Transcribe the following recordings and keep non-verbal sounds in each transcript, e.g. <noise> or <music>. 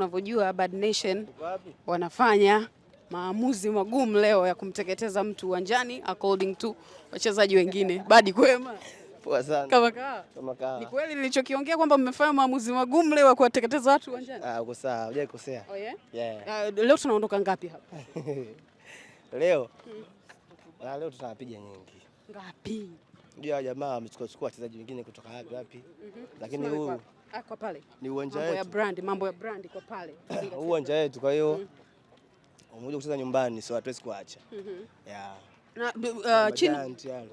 unavyojua Bad Nation wanafanya maamuzi magumu leo ya kumteketeza mtu uwanjani according to wachezaji wengine. Badi kwema? Poa sana. Kama kaa. Kama kaa. Ni kweli nilichokiongea kwamba mmefanya maamuzi magumu leo ya kuwateketeza watu uwanjani? Ah, uko sawa, hujakosea. Oh yeah? Yeah. Uh, leo tunaondoka ngapi hapa? <laughs> Leo. Hmm. Na ah, leo tunapiga nyingi. Ngapi? Ndio jamaa amechukua chukua wachezaji wengine kutoka wapi wapi. Mm -hmm. Lakini huyu kwa pale ni uwanja wetu. Mambo ya brand, mambo ya brand kwa pale. <laughs> Uwanja wetu kwa hiyo mm-hmm. umoja kucheza nyumbani so hatuwezi kuacha. Mm-hmm. Yeah. Na, uh,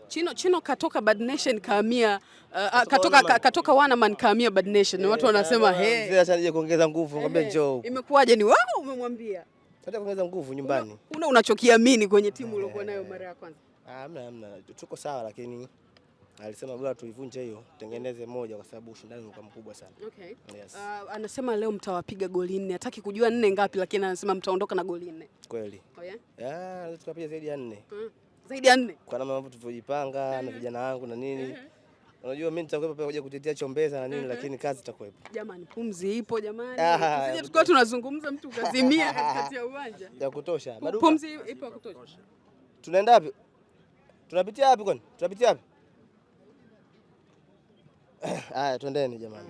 Chino, Chino, katoka Bad Nation kaamia uh, katoka, ka, katoka Wanaman kahamia Bad Nation watu eh, wanasema hey. Sasa nije kuongeza nguvu ngombe njoo. Imekuwaje ni wao umemwambia? Sasa kuongeza nguvu nyumbani. Una unachokiamini kwenye timu eh, uliokuwa nayo mara ya kwanza? Ah, hamna hamna. Tuko sawa lakini Alisema bora tuivunje hiyo, tengeneze moja kwa sababu ushindani ulikuwa mkubwa sana. Okay. Yes. Uh, anasema leo mtawapiga goli nne. Hataki kujua nne ngapi, lakini anasema mtaondoka na goli nne. Kweli. Oh yeah. Ah, Yeah, tutapiga zaidi ya nne. Mm. Zaidi ya nne. Kwa namna ambavyo tulivyojipanga mm -hmm. na vijana wangu na nini. Mm -hmm. Unajua mimi nitakuwepo pia kuja kutetea chombeza na nini mm -hmm. lakini kazi itakuwepo. Jamani pumzi ipo jamani. Ah, sisi tukiwa tunazungumza mtu ukazimia <laughs> katikati ya uwanja. Ya kutosha. Pumzi ipo ya kutosha. Tunaenda wapi? Tunapitia wapi kwani? Tunapitia wapi? Haya, <coughs> twendeni jamani.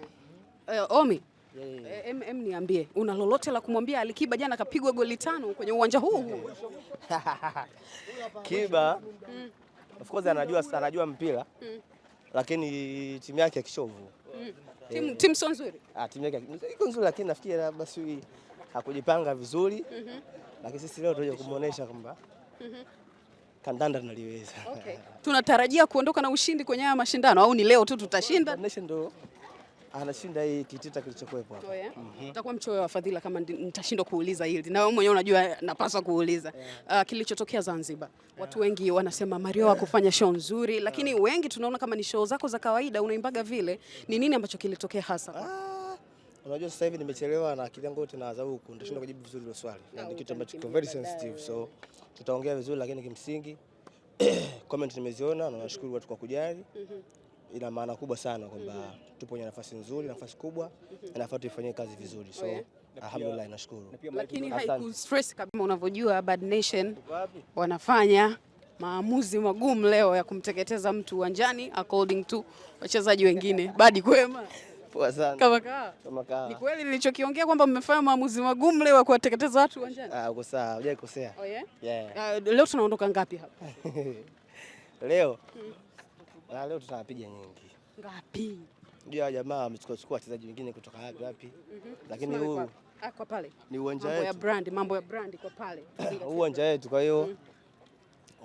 Uh, Omi eh, em, em, niambie una lolote la kumwambia Alikiba? Jana kapigwa goli tano kwenye uwanja huu <laughs> Kiba mm. Of course anajua, anajua mpira mm. Lakini timu yake ya kishovu mm. Timu timu sio nzuri, ah, timu yake iko nzuri, lakini nafikiri basi hakujipanga vizuri mm -hmm. Lakini sisi leo tunaje kumuonesha kwamba mm -hmm kandanda tunaliweza. Okay. Tunatarajia kuondoka na ushindi kwenye haya mashindano au ni leo tu tutashinda? Ndio anashinda hii kitita kilichokuwepo hapa. Mm-hmm. Eh? Utakuwa mchoyo wa fadhila kama nitashindwa kuuliza hili, na wewe mwenyewe unajua napaswa kuuliza yeah. Uh, kilichotokea Zanzibar yeah. Watu wengi wanasema Mario yeah. kufanya show nzuri, lakini yeah. wengi tunaona kama ni show zako za kawaida unaimbaga vile. Ni nini ambacho kilitokea hasa? Ah, unajua sasa hivi nimechelewa na akili yangu yote na adhabu huku, nitashinda kujibu vizuri hilo swali, ni kitu ambacho very sensitive so tutaongea vizuri, lakini kimsingi <clears throat> comment nimeziona na nashukuru watu kwa kujali. Mhm. Ina maana kubwa sana kwamba mhm. tupo kwenye nafasi nzuri, nafasi kubwa, mhm. nafaa tuifanyie kazi vizuri so oh, Alhamdulillah, nashukuru. Lakini haiku stress kabisa, unavyojua Bad Nation wanafanya maamuzi magumu leo ya kumteketeza mtu uwanjani according to wachezaji wengine. Badi kwema. Poa sana. Kama kaa. Kama kaa. Ni kweli nilichokiongea kwamba mmefanya maamuzi magumu leo kuwateketeza watu uwanjani? Ah, uko sawa, hujakosea. Oh yeah? Yeah. Uh, leo tunaondoka ngapi hapa? <laughs> Leo. Mm. Na ah, leo tutapiga nyingi. Ngapi? Ndio jamaa amechukua chukua wachezaji wengine kutoka wapi wapi. Mm -hmm. Lakini huu ah, kwa pale. Ni uwanja wetu. Mambo ya brand, mambo ya brand kwa pale. <laughs> Uwanja wetu kwa hiyo. Mm.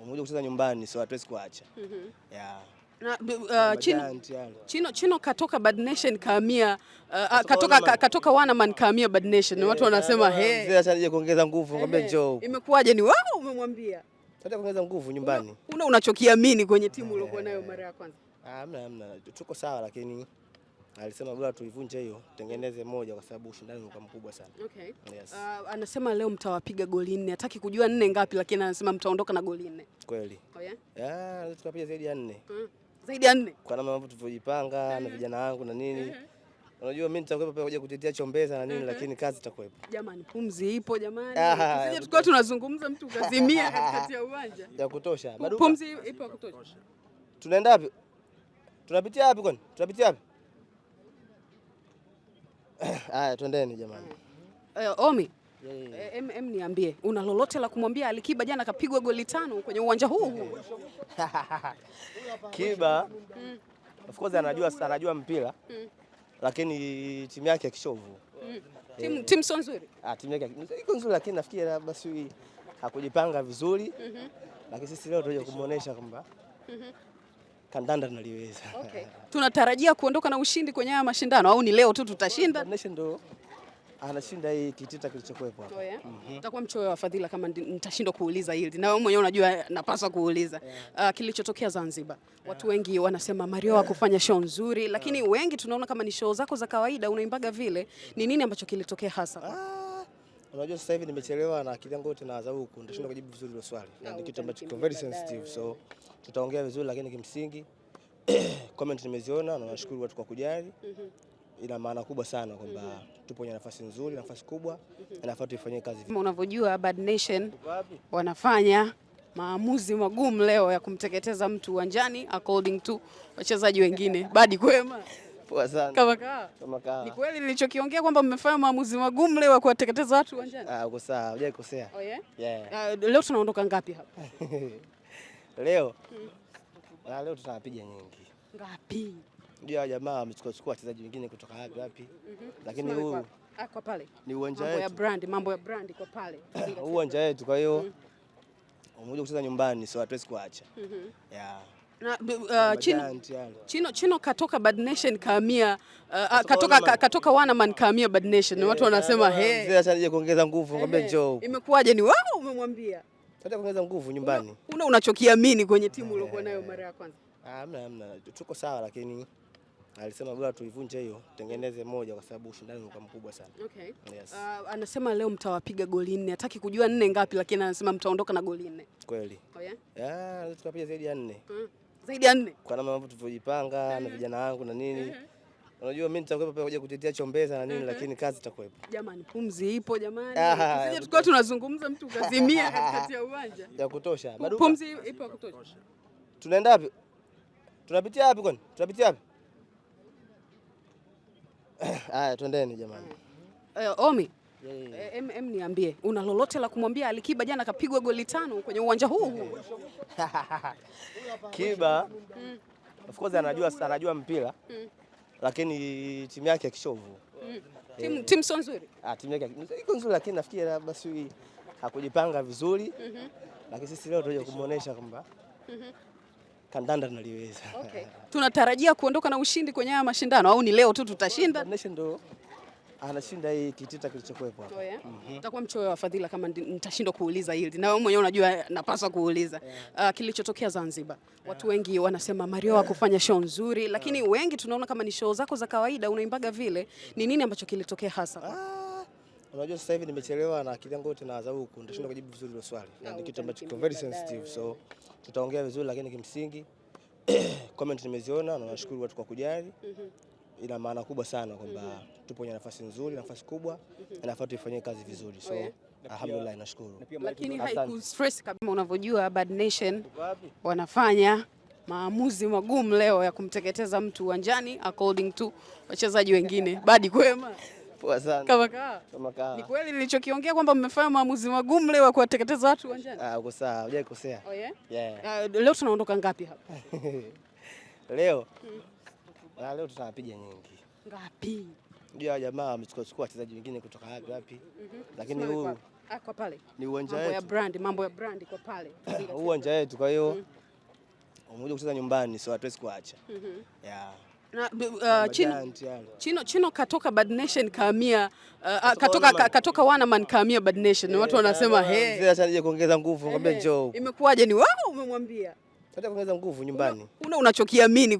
Umoja kucheza nyumbani, so hatuwezi kuacha. Mhm. Mm yeah. Na, uh, uh Chino, Chino, Chino katoka Bad Nation kahamia uh, uh katoka, ka, katoka wana man kahamia Bad Nation yeah, watu wanasema hey, kuongeza nguvu hey, eh, njoo. Imekuwaje? Ni wao umemwambia kuongeza nguvu nyumbani. Una unachokiamini kwenye timu eh, uliokuwa nayo eh, mara ya kwanza? Ah, hamna, hamna, tuko sawa, lakini alisema bora tuivunje hiyo, tengeneze moja, kwa sababu ushindani ulikuwa mkubwa sana. Okay. Yes. Uh, anasema leo mtawapiga goli nne, hataki kujua nne ngapi, lakini anasema mtaondoka na goli nne. Kweli? Oh yeah? Yeah, tukapiga zaidi ya nne. Mm zaidi ya nne kwa namna ambavyo tulivyojipanga mm -hmm. na mhm. vijana wangu na nini mm -hmm. unajua mimi nitakuwepo pia kuja kutetea chombeza na nini mm -hmm. lakini kazi itakuwepo. Jamani pumzi ipo jamani. Sisi ah, tulikuwa tunazungumza mtu ukazimia katikati ya uwanja. Ya kutosha. Pumzi ipo ya kutosha. Tunaenda wapi? Tunapitia wapi kwani? Tunapitia wapi? Eh. Haya, twendeni jamani. Eh, Omi yeah. Eh, em, em niambie, una lolote la kumwambia Alikiba? Jana kapigwa goli tano kwenye uwanja huu huu <laughs> Kiba mm. Of course anajua anajua mpira mm. Lakini timu yake ya kishovu mm. Timu timu sio nzuri, ah, timu yake iko nzuri, lakini nafikiri basi sijui hakujipanga vizuri mm -hmm. Lakini sisi leo tunataka kumuonesha kwamba mm Kandanda tunaliweza. Okay. Tunatarajia kuondoka na ushindi kwenye haya mashindano au ni leo tu tutashinda? Ndio anashinda hii kitita kilichokuwepo hapa. Eh? Mhm. Nitakuwa mchoyo wa fadhila kama nitashindwa kuuliza hili, na wewe mwenyewe unajua napaswa kuuliza yeah. Uh, kilichotokea Zanzibar yeah. Watu wengi wanasema Mario hakufanya show nzuri, lakini yeah. wengi tunaona kama ni show zako za kawaida unaimbaga vile. Ni nini ambacho kilitokea hasa? ah. Unajua sasa hivi nimechelewa na akili yangu yote na adhabu huku nitashinda kujibu vizuri hilo swali. Na ah, ni kitu ambacho kiko very sensitive. So tutaongea vizuri lakini kimsingi <clears throat> comment nimeziona na nashukuru watu kwa kujali. Mhm ina maana kubwa sana kwamba mm -hmm. tupo kwenye nafasi nzuri, nafasi kubwa mm -hmm. nafaa tuifanyie kazi. Kama unavyojua Bad Nation wanafanya maamuzi magumu leo ya kumteketeza mtu uwanjani according to wachezaji wengine. <laughs> Badi kwema poa sana kama kaa kama kaa, ni kweli nilichokiongea kwamba mmefanya maamuzi magumu leo ya kuwateketeza watu uwanjani? Ah, uko sawa, hujakosea. Oh yeah, yeah. Uh, leo tunaondoka ngapi hapa <laughs> leo? Hmm. Ah, leo tutapiga nyingi ngapi? Unajua jamaa amechukua wachezaji wengine kutoka wapi wapi, mhm. lakini huu ah, kwa pale ni uwanja wetu, mambo ya brand, mambo ya brand kwa pale <coughs> Huu uwanja wetu. Kwa hiyo umekuja mhm. kucheza nyumbani, sio hatuwezi kuacha. Mhm. Yeah. Na, uh, Chino, Chino, Chino katoka Bad Nation kaamia uh, katoka, ah, ka, katoka Wanaman kaamia Bad Nation yeah, watu eh, wanasema hey, kuongeza nguvu ngombe njoo. Imekuwaje? Ni wao umemwambia Sasa kuongeza nguvu nyumbani. Una unachokiamini kwenye timu eh, uliokuwa nayo mara ya kwanza? Hamna, hamna, tuko sawa lakini Alisema bora tuivunje hiyo, tengeneze moja kwa sababu ushindani ulikuwa mkubwa sana. Okay. Yes. Uh, anasema leo mtawapiga goli nne. Hataki kujua nne ngapi, lakini anasema mtaondoka na goli nne. Kweli. Oh yeah? Yeah, tukapiga zaidi ya nne. Mm. Zaidi ya nne. Kwa namna ambavyo tulivyojipanga mm -hmm. na vijana wangu na nini. Mm -hmm. Unajua mimi nitakuwepo pia kuja kutetea chombeza na nini mm -hmm. lakini kazi itakuwepo. Jamani, pumzi ipo jamani. Ah, Sisi yaani tulikuwa tunazungumza mtu kazimia katikati ya uwanja. Ya kutosha. Pumzi ipo ya kutosha. Tunaenda wapi? Tunapitia wapi kwani? Tunapitia wapi? Haya, <coughs> twendeni jamani. Mm-hmm. Eh, Omi yeah. Eh, em, em, niambie una lolote la kumwambia Alikiba? Jana kapigwa goli tano kwenye uwanja huu huu <laughs> Kiba mm. Of course anajua, anajua mpira mm. Lakini timu yake ya kishovu mm. Eh. tim sio nzuri, ah, timu yake iko nzuri, lakini nafikiri labda sijui hakujipanga vizuri mm -hmm. Lakini sisi leo tunataka kumuonesha kwamba mm -hmm kandanda tunaliweza. Okay. Tunatarajia kuondoka na ushindi kwenye haya mashindano au ni leo tu tutashinda? Ndio. anashinda hii kitita kilichokuwepo hapa. Mm, eh? mhm. Nitakuwa mchoyo wa fadhila kama nitashindwa kuuliza hili, na wewe mwenyewe unajua napaswa kuuliza yeah. Uh, kilichotokea Zanzibar yeah. Watu wengi wanasema Mario hakufanya show nzuri, lakini yeah. wengi tunaona kama ni show zako za kawaida unaimbaga vile. Ni nini ambacho kilitokea hasa? ah, unajua sasa hivi nimechelewa na akili yangu na adhabu huku, nitashinda kujibu vizuri hilo swali, ni kitu ambacho very sensitive so tutaongea vizuri, lakini kimsingi <clears throat> comment nimeziona na nashukuru watu kwa kujali. Mhm. Ina maana kubwa sana kwamba mhm. tupo kwenye nafasi nzuri, nafasi kubwa mm tuifanyie kazi vizuri so oh, Alhamdulillah, nashukuru. Lakini haiku stress kabisa, unavyojua Bad Nation wanafanya maamuzi magumu leo ya kumteketeza mtu uwanjani according to wachezaji wengine. Badi kwema Poa sana. Kama kaa. Kama kaa. Ni kweli nilichokiongea kwamba mmefanya maamuzi magumu leo kuwateketeza watu uwanjani? Ah, uko sawa, Hujai kosea. Oh yeah? Yeah. Uh, leo tunaondoka ngapi hapa? <laughs> Leo. Hmm. Na ah, leo tutapiga nyingi. Ngapi? Ndio jamaa wamechukua chukua wachezaji wengine kutoka wapi wapi. Mm -hmm. Lakini huu ah, kwa pale. Ni uwanja wetu. Mambo ya brand, mambo ya brand kwa pale. <laughs> Uwanja wetu kwa hiyo. Mm. Mm-hmm. Umoja kucheza nyumbani, so hatuwezi kuacha. Mhm. Mm yeah. Uh, Chino, Chino, katoka Bad Nation kaamia uh, katoka, ah, ka, katoka Wanaman kaamia Bad Nation eh, yaani hey, Watu wanasema hey, kuongeza nguvu, hey, eh, njoo. Imekuwaje? Ni wewe umemwambia. Sasa kuongeza nguvu nyumbani. Una unachokiamini